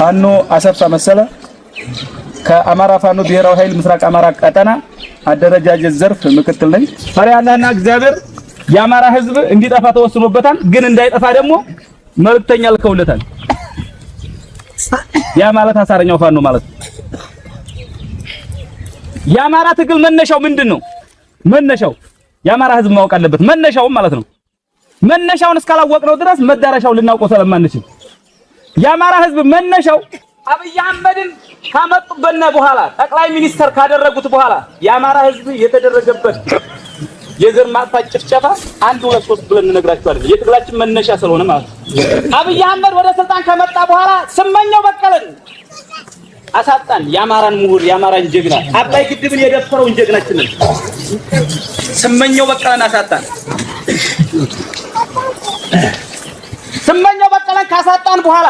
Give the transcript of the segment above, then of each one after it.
ፋኖ አሰፋ መሰለ ከአማራ ፋኖ ብሔራዊ ኃይል ምስራቅ አማራ ቀጠና አደረጃጀት ዘርፍ ምክትል ነኝ። ፈሪሃ እግዚአብሔር የአማራ ህዝብ እንዲጠፋ ተወስኖበታል። ግን እንዳይጠፋ ደግሞ መልክተኛ ልከውለታል። ያ ማለት አሳረኛው ፋኖ ማለት ነው። የአማራ ትግል መነሻው ምንድን ነው? መነሻው የአማራ ህዝብ ማወቅ አለበት። መነሻውም ማለት ነው። መነሻውን እስካላወቅነው ድረስ መዳረሻው ልናውቀው ስለማንችል የአማራ ህዝብ መነሻው አብይ አህመድን ካመጡበት በኋላ ጠቅላይ ሚኒስተር ካደረጉት በኋላ የአማራ ህዝብ የተደረገበት የዘር ማጥፋት ጭፍጨፋ አንድ ሁለት ሶስት ብለን እንነግራቸዋለን። የትግላችን መነሻ ስለሆነ ማለት አብይ አህመድ ወደ ስልጣን ከመጣ በኋላ ስመኛው በቀለን አሳጣን። የአማራን ምሁር፣ የአማራን ጀግና አባይ ግድብን የደፈረውን ጀግናችንን ስመኛው በቀለን አሳጣን። ስመኛው በቀለን ካሳጣን በኋላ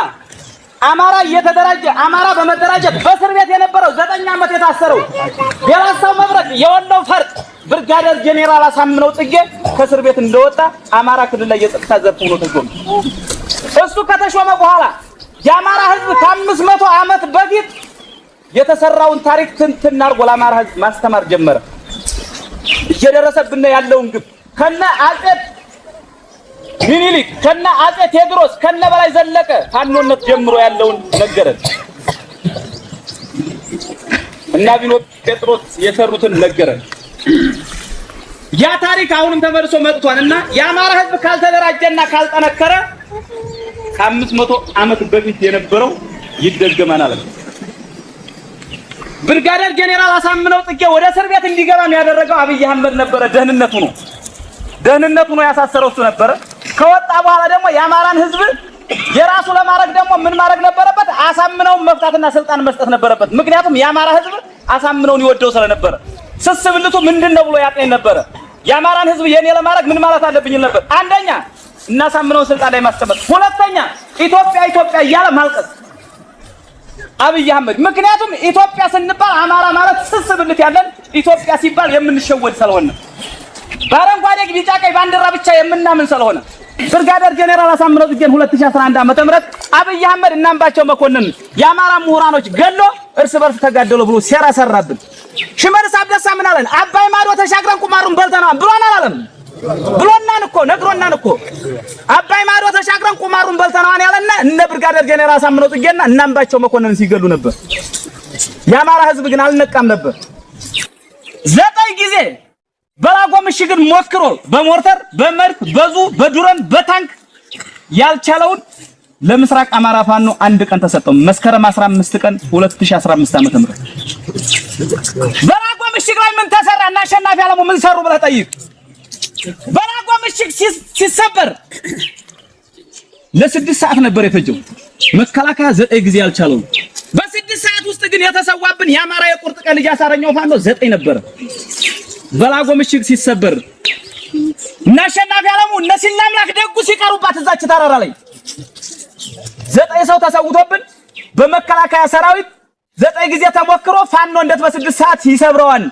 አማራ እየተደራጀ አማራ በመደራጀት በእስር ቤት የነበረው ዘጠኝ ዓመት የታሰረው የራሳው መብረቅ የወለው ፈርጥ ብርጋዴር ጄኔራል አሳምነው ጽጌ ከእስር ቤት እንደወጣ አማራ ክልል ላይ የጸጥታ ዘርፍ ሆኖ ተሾመ። እሱ ከተሾመ በኋላ የአማራ ህዝብ ከአምስት መቶ ዓመት በፊት የተሰራውን ታሪክ ትንትን አድርጎ ለአማራ ህዝብ ማስተማር ጀመረ። እየደረሰብን ያለውን ግብ ከነ አጼ ሚኒሊክ ከነ አጼ ቴዎድሮስ ከነ በላይ ዘለቀ ፋኖነት ጀምሮ ያለውን ነገረን እና ቢኖ ጴጥሮስ የሰሩትን ነገረን። ያ ታሪክ አሁንም ተመልሶ መጥቷል እና የአማራ ህዝብ ካልተደራጀና ካልጠነከረ ከአምስት መቶ ዓመት በፊት የነበረው ይደገመናል። ብርጋደር ጄኔራል አሳምነው ጽጌ ወደ እስር ቤት እንዲገባም ያደረገው አብይ አህመድ ነበረ። ደህንነቱ ነው ደህንነቱ ነው ያሳሰረው እሱ ነበረ። ከወጣ በኋላ ደግሞ የአማራን ህዝብ የራሱ ለማድረግ ደግሞ ምን ማድረግ ነበረበት? አሳምነውን መፍታትና ስልጣን መስጠት ነበረበት። ምክንያቱም የአማራ ህዝብ አሳምነውን ይወደው ስለነበረ ስስብልቱ ምንድን ነው ብሎ ያጥነኝ ነበረ። የአማራን ህዝብ የኔ ለማድረግ ምን ማለት አለብኝ ነበር። አንደኛ እናሳምነውን ስልጣን ላይ ማስቀመጥ፣ ሁለተኛ ኢትዮጵያ ኢትዮጵያ እያለ ማልቀስ አብይ አህመድ። ምክንያቱም ኢትዮጵያ ስንባል አማራ ማለት ስስብልት ያለን ኢትዮጵያ ሲባል የምንሸወድ ስለሆነ በአረንጓዴ ቢጫ ቀይ ባንዲራ ብቻ የምናምን ስለሆነ ብርጋደር ጄኔራል አሳምነው ጽጌን 2011 ዓ.ም አብይ አህመድ እና አምባቸው መኮንን የአማራ ምሁራኖች ገሎ እርስ በርስ ተጋደሉ ብሎ ሴራ ሰራብን። ሽመልስ አብደሳ ምን አለን? አባይ ማዶ ተሻግረን ቁማሩን በልተናል ብሎናል አለን ብሎናን እኮ ነግሮናን እኮ አባይ ማዶ ተሻግረን ቁማሩን በልተናል ያለና እነ ብርጋደር ጄኔራል አሳምነው ጽጌና እና አምባቸው መኮንን ሲገሉ ነበር። የአማራ ህዝብ ግን አልነቃም ነበር። ዘጠኝ ጊዜ በላጎ ምሽግን ሞክሮ በሞርተር በመድፍ በዙ በዱረን በታንክ ያልቻለውን ለምስራቅ አማራ ፋኖ አንድ ቀን ተሰጠው። መስከረም 15 ቀን 2015 ዓ.ም በራጎ ምሽግ ላይ ምን ተሰራ እና አሸናፊ አለሙ ምን ሰሩ ብለህ ጠይቅ። በራጎ ምሽግ ሲሰበር ለስድስት ሰዓት ነበር የፈጀው። መከላከያ ዘጠኝ ጊዜ አልቻለውም። በስድስት ሰዓት ውስጥ ግን የተሰዋብን የአማራ የቁርጥ ቀን ልጅ አሳረኛው ፋኖ ዘጠኝ ነበር። በራጎ ምሽግ ሲሰበር እና አሸናፊ አለሙ እነ ሲላምላክ ደጉ ሲቀሩባት እዛች ተራራ ላይ ዘጠኝ ሰው ተሰውቶብን በመከላከያ ሰራዊት ዘጠኝ ጊዜ ተሞክሮ ፋኖ እንደት በስድስት ሰዓት ይሰብረዋል።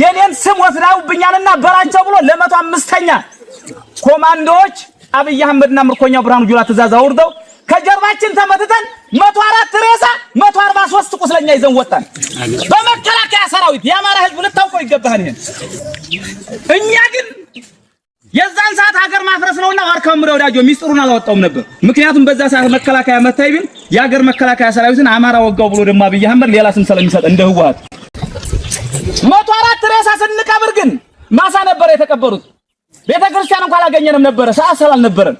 የኔን ስም ወስዳውብኛልና በላቸው ብሎ ለመቶ አምስተኛ ኮማንዶዎች አብይ አህመድና ምርኮኛው ብርሃኑ ጁላ ትእዛዝ አውርደው ከጀርባችን ተመትተን 104 ሬሳ 143 ቁስለኛ ይዘን ወጣን። በመከላከያ ሰራዊት የአማራ ህዝብ ልታውቀው ይገባል ይሄን እኛ ግን የዛን ሰዓት ሀገር ማፍረስ ነውና ዋርካው ምረ ወዳጆ ሚስጥሩን አላወጣውም ነበር። ምክንያቱም በዛ ሰዓት መከላከያ መታይ ቢል የሀገር መከላከያ ሰራዊትን አማራ ወጋው ብሎ ደግሞ አብይ አህመድ ሌላ ስም ስለሚሰጥ እንደ ህወሓት መቶ አራት ሬሳ ስንቀብር ግን ማሳ ነበር የተቀበሩት። ቤተ ክርስቲያን እንኳን አላገኘንም ነበረ፣ ሰዓት ስላልነበረን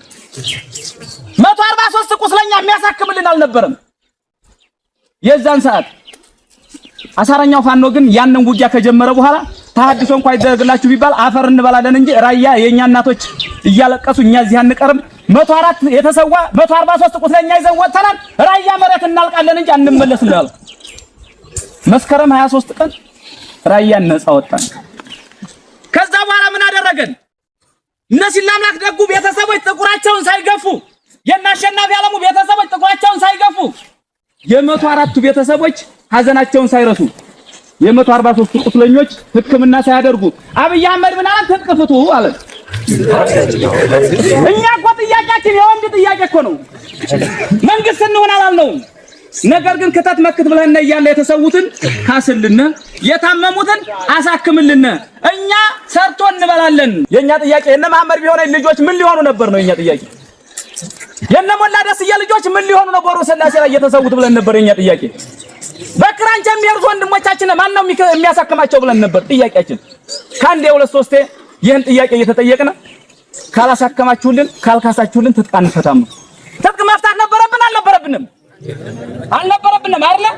መቶ አርባ ሦስት ቁስለኛ የሚያሳክምልን አልነበረም የዛን ሰዓት። አሳረኛው ፋኖ ግን ያንን ውጊያ ከጀመረ በኋላ ተሐድሶ እንኳ ይደረግላችሁ ቢባል አፈር እንበላለን እንጂ ራያ የኛ እናቶች እያለቀሱ እኛ እዚህ አንቀርም። 104 የተሰዋ 143 ቁስለኛ ይዘን ወጥተናል። ራያ መሬት እናልቃለን እንጂ አንመለስም ያሉ መስከረም 23 ቀን ራያ ነፃ ወጣን። ከዛ በኋላ ምን አደረገን? እነ ሲላምላክ ደጉ ቤተሰቦች ጥቁራቸውን ሳይገፉ የእነ አሸናፊ አለሙ ቤተሰቦች ጥቁራቸውን ሳይገፉ የመቶ አራቱ ቤተሰቦች ሀዘናቸውን ሳይረሱ የመቶ አርባ ሦስቱ ቁስለኞች ህክምና ሳያደርጉ አብይ አህመድ ምናምን ትጥቅ ፍቱ አለ። እኛ እኮ ጥያቄያችን የወንድ ጥያቄ እኮ ነው። መንግስት እንሆን አላልነውም። ነገር ግን ክተት መክት ብለህና እያለ የተሰዉትን ካስልነ የታመሙትን አሳክምልነ እኛ ሰርቶ እንበላለን። የኛ ጥያቄ የነ መሐመድ ቢሆነ ልጆች ምን ሊሆኑ ነበር ነው የኛ ጥያቄ። የነ ሞላ ደስዬ ልጆች ምን ሊሆኑ ነበሩ ስላሴ ላይ የተሰዉት ብለን ነበር የኛ ጥያቄ። በክራንቻ የሚሄዱት ወንድሞቻችን ማን ነው የሚያሳክማቸው ብለን ነበር ጥያቄያችን። ከአንድ የሁለት ሶስቴ ይህን ጥያቄ እየተጠየቅን ካላሳከማችሁልን፣ ካልካሳችሁልን ትጥቅ አንፈታም። ትጥቅ መፍታት ነበረብን አልነበረብንም? አልነበረብንም አይደለ?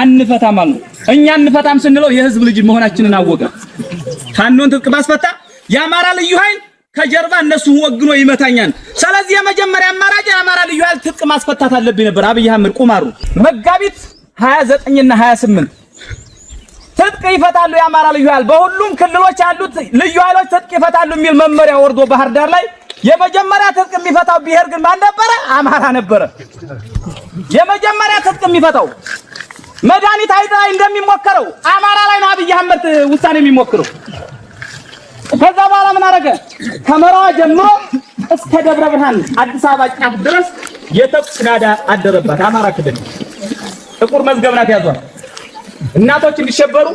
አንፈታም አሉ። እኛ አንፈታም ስንለው የህዝብ ልጅ መሆናችንን አወቀ። ፋኖን ትጥቅ ማስፈታ የአማራ ልዩ ኃይል ከጀርባ እነሱ ወግኖ ይመታኛል። ስለዚህ የመጀመሪያ አማራጭ የአማራ ልዩ ኃይል ትጥቅ ማስፈታት አለብኝ ነበር። አብይ አህመድ ቁማሩ መጋቢት ሀያ ዘጠኝና ሀያ ስምንት ትጥቅ ይፈታሉ የአማራ ልዩ ኃይል በሁሉም ክልሎች ያሉት ልዩ ኃይሎች ትጥቅ ይፈታሉ የሚል መመሪያ ወርዶ ባህር ዳር ላይ የመጀመሪያ ትጥቅ የሚፈታው ብሔር ግን ማን ነበረ? አማራ ነበረ። የመጀመሪያ ትጥቅ የሚፈታው መድኃኒት አይጥ ላይ እንደሚሞከረው አማራ ላይ ነው አብይ አህመድ ውሳኔ የሚሞክረው። ከዛ በኋላ ምን አደረገ? ከመራዋ ጀምሮ እስከ ደብረ ብርሃን አዲስ አበባ ጫፍ ድረስ የተኩስ ናዳ አደረባት አማራ ክልል ጥቁር መዝገብ ናት ያዟት። እናቶች እንዲሸበሩ፣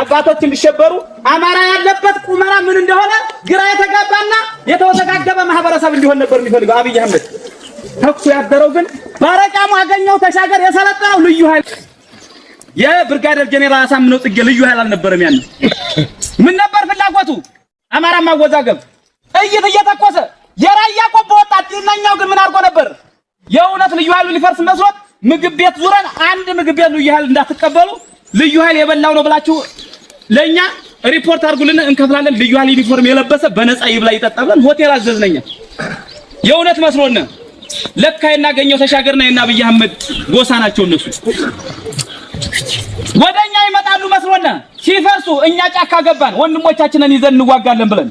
አባቶች እንዲሸበሩ፣ አማራ ያለበት ቁመና ምን እንደሆነ ግራ የተጋባና የተወዘጋገበ ማህበረሰብ እንዲሆን ነበር የሚፈልገው አብይ አህመድ። ተኩሱ ያደረው ግን ባረቃሙ አገኘው ተሻገር የሰለጠነው ልዩ ኃይል የብርጋዴር ጄኔራል አሳምነው ጽጌ ልዩ ኃይል አልነበረም። ያን ምን ነበር ፍላጎቱ? አማራ ማወዛገብ፣ ጥይት እየተኮሰ የራያ ቆቦ ወጣት። ጤነኛው ግን ምን አድርጎ ነበር? የእውነት ልዩ ኃይሉ ሊፈርስ መስሎት ምግብ ቤት ዙረን አንድ ምግብ ቤት ልዩ ኃይል እንዳትቀበሉ ልዩ ኃይል የበላው ነው ብላችሁ ለኛ ሪፖርት አድርጉልን፣ እንከፍላለን። ልዩ ኃይል ዩኒፎርም የለበሰ በነፃ ይብላ ይጠጣ ሆቴል አዘዝነኛ። የእውነት መስሎን ለካ የናገኘው ተሻገርና የና አብይ አህመድ ጎሳ ናቸው እነሱ። ወደኛ ይመጣሉ መስሎን ሲፈርሱ እኛ ጫካ ገባን፣ ወንድሞቻችንን ይዘን እንዋጋለን ብለን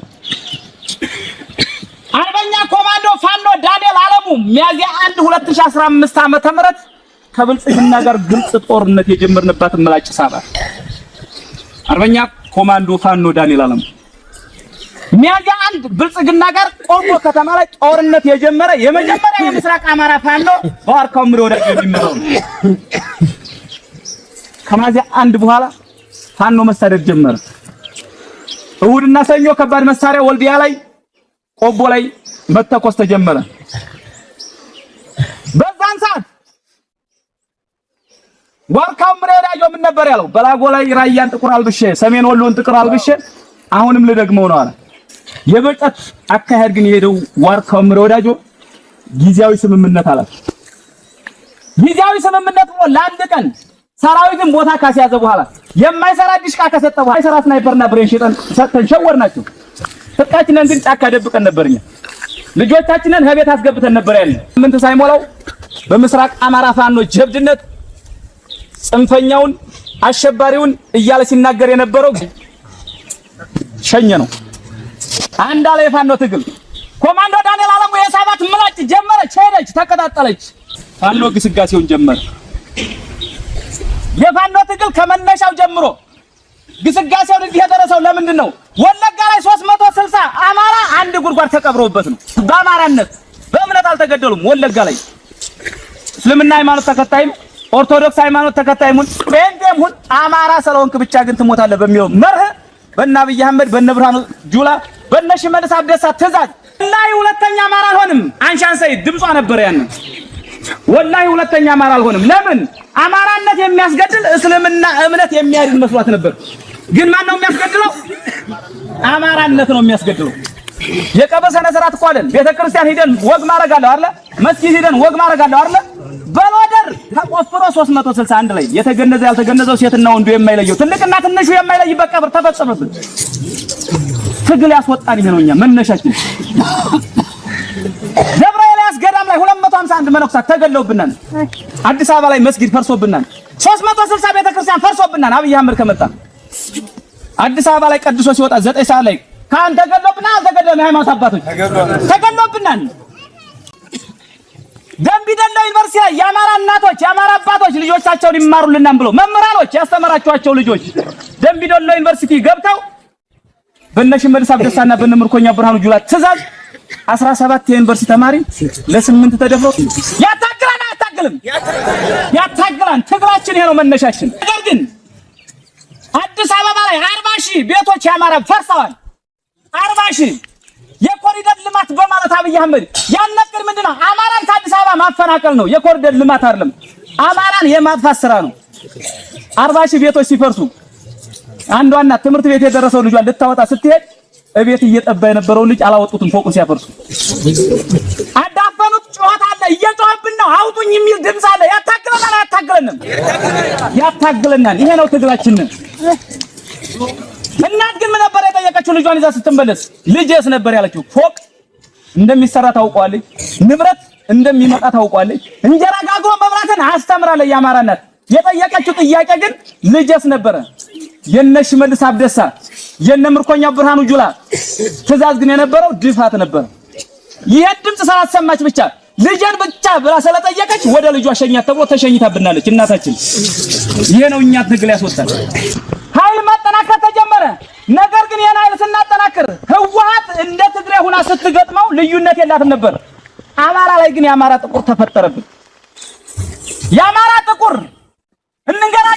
አርበኛ ኮማንዶ ፋኖ ዳንኤል አለሙ ሚያዚያ 1 2015 ዓመተ ከብልጽግና ጋር ግልጽ ጦርነት የጀመርንባት መላጭ ሳባ አርበኛ ኮማንዶ ፋኖ ዳንኤል አለም ሚያዝያ አንድ ብልጽግና ጋር ቆቦ ከተማ ላይ ጦርነት የጀመረ የመጀመሪያ የምስራቅ አማራ ፋኖ በዋርካው ምሮ ወደ የሚመራው ከሚያዝያ አንድ በኋላ ፋኖ መሳደድ ጀመረ። እሁድና ሰኞ ከባድ መሳሪያ ወልዲያ ላይ ቆቦ ላይ መተኮስ ተጀመረ። በዛን ሰዓት ዋርካው ምሬ ወዳጆ ምን ነበር ያለው? በላጎ ላይ ራያን ጥቁር አልብሼ ሰሜን ወሎን ጥቁር አልብሼ አሁንም ልደግመው ነው አለ። የበጠት አካሄድ ግን የሄደው ዋርካው ምሬ ወዳጆ ጊዜያዊ ስምምነት አለ። ጊዜያዊ ስምምነት ነው ለአንድ ቀን ሰራዊትን ቦታ ካስያዘ በኋላ የማይሰራ ዲሽቃ ከሰጠ በኋላ የማይሰራ ስናይፐርና ብሬን ሸጠን ሰጠን ሸወርናቸው። ጥቃችንን ግን ጫካ ደብቀን ነበርኛ ልጆቻችንን ከቤት አስገብተን ነበር ያለ ምንት ሳይሞላው በምስራቅ አማራ ፋኖ ጀብድነት ጽንፈኛውን አሸባሪውን እያለ ሲናገር የነበረው ሸኘ ነው። አንድ አለ የፋኖ ትግል። ኮማንዶ ዳንኤል አለሙ የሳባት ምላጭ ጀመረች፣ ሄደች፣ ተቀጣጠለች። ፋኖ ግስጋሴውን ጀመረ። የፋኖ ትግል ከመነሻው ጀምሮ ግስጋሴውን እንዲህ የደረሰው ለምንድን ነው? ወለጋ ላይ 360 አማራ አንድ ጉድጓድ ተቀብረውበት ነው። በአማራነት በእምነት አልተገደሉም። ወለጋ ላይ እስልምና ሃይማኖት ተከታይም ኦርቶዶክስ ሃይማኖት ተከታይ ሙን ጴንጤም ሁን አማራ ስለሆንክ ብቻ ግን ትሞታለህ በሚለው መርህ በእነ አብይ አህመድ በእነ ብርሃኑ ጁላ በእነ ሽመልስ አብደሳ ትእዛዝ ወላሂ ሁለተኛ አማራ አልሆንም። አንሻን ሰይድ ድምጿ ነበር ያን ወላሂ ሁለተኛ አማራ አልሆንም። ለምን አማራነት የሚያስገድል እስልምና እምነት የሚያድን መስሏት ነበር። ግን ማን ነው የሚያስገድለው? አማራነት ነው የሚያስገድለው። የቀብር ስነ ስርዓት እኮ አለን። ቤተክርስቲያን ሂደን ወግ ማድረግ አለው መስጊድ ሂደን ወግ ማድረግ አለው ቁጥር ተቆፍሮ 361 ላይ የተገነዘ ያልተገነዘው ሴትና ወንዱ የማይለየው ትልቅና ትንሹ የማይለይበት ቀብር ተፈጸመብን። ትግል ያስወጣን ይሄ ነው። እኛ መነሻችን ደብረ ኤልያስ ገዳም ላይ 251 መነኩሳት ተገለውብናል። አዲስ አበባ ላይ መስጊድ ፈርሶብናል። 360 ቤተክርስቲያን ፈርሶብናል። አብይ አህመድ ከመጣ አዲስ አበባ ላይ ቀድሶ ሲወጣ 9 ሰዓት ላይ ካን ተገለውብናል። ተገለውብናል። ሃይማኖት አባቶች ተገለውብናል። ደምቢ ዶሎ ዩኒቨርሲቲ የአማራ እናቶች የአማራ አባቶች ልጆቻቸውን ይማሩልናም ብሎ መምህራኖች ያስተማራቸዋቸው ልጆች ደምቢ ዶሎ ዩኒቨርሲቲ ገብተው በነሽመልስ አብዲሳና በነምርኮኛ ብርሃኑ ጁላ ትዕዛዝ 17 የዩኒቨርሲቲ ተማሪ ለስምንት ተደፍሮ ያታግላን አያታግልም? ያታግላን። ትግራችን ይሄ ነው መነሻችን። ነገር ግን አዲስ አበባ ላይ 40 ሺህ ቤቶች ያማራ ፈርሰዋል። 40 ሺህ የኮሪደር ልማት በማለት አብይ አህመድ ያን ነገር ምንድነው? ማፈናቀል ነው፣ የኮሪደር ልማት አይደለም። አማራን የማጥፋት ስራ ነው። አርባ ሺህ ቤቶች ሲፈርሱ አንዷ እናት ትምህርት ቤት የደረሰው ልጇን ልታወጣ ስትሄድ እቤት እየጠባ የነበረውን ልጅ አላወጡትም። ፎቁን ሲያፈርሱ አዳፈኑት። ጩኸት አለ፣ እየጮኸብን ነው። አውጡኝ የሚል ድምፅ አለ። ያታግለናል፣ አያታግለንም? ያታግለናል። ይሄ ነው ትግላችን። እናት ግን ምን ነበር የጠየቀችው ልጇን ይዛ ስትመለስ? ልጄስ ነበር ያለችው ፎቅ እንደሚሰራ ታውቋለች፣ ንብረት እንደሚመጣ ታውቋለች። እንጀራ ጋግሮ መብራትን አስተምራለች። የአማራነት የጠየቀችው ጥያቄ ግን ልጅስ ነበረ። የነ ሽመልስ አብደሳ የነ ምርኮኛ ብርሃኑ ጁላ ትእዛዝ ግን የነበረው ድፋት ነበረ። ይሄን ድምፅ ስላሰማች ብቻ ልጅን ብቻ ብላ ስለጠየቀች ወደ ልጇ ሸኛት ተብሎ ተሸኝታብናለች እናታችን። ይሄ ነው እኛ ትግል ያስወጣል። ኃይል ማጠናከር ተጀመረ። ነገር ግን ይሄን ኃይል ስናጠናክር ህዋ እንደ ትግሬ ሁና ስትገጥመው ልዩነት የላትም ነበር። አማራ ላይ ግን የአማራ ጥቁር ተፈጠረብን። የአማራ ጥቁር እንንገራ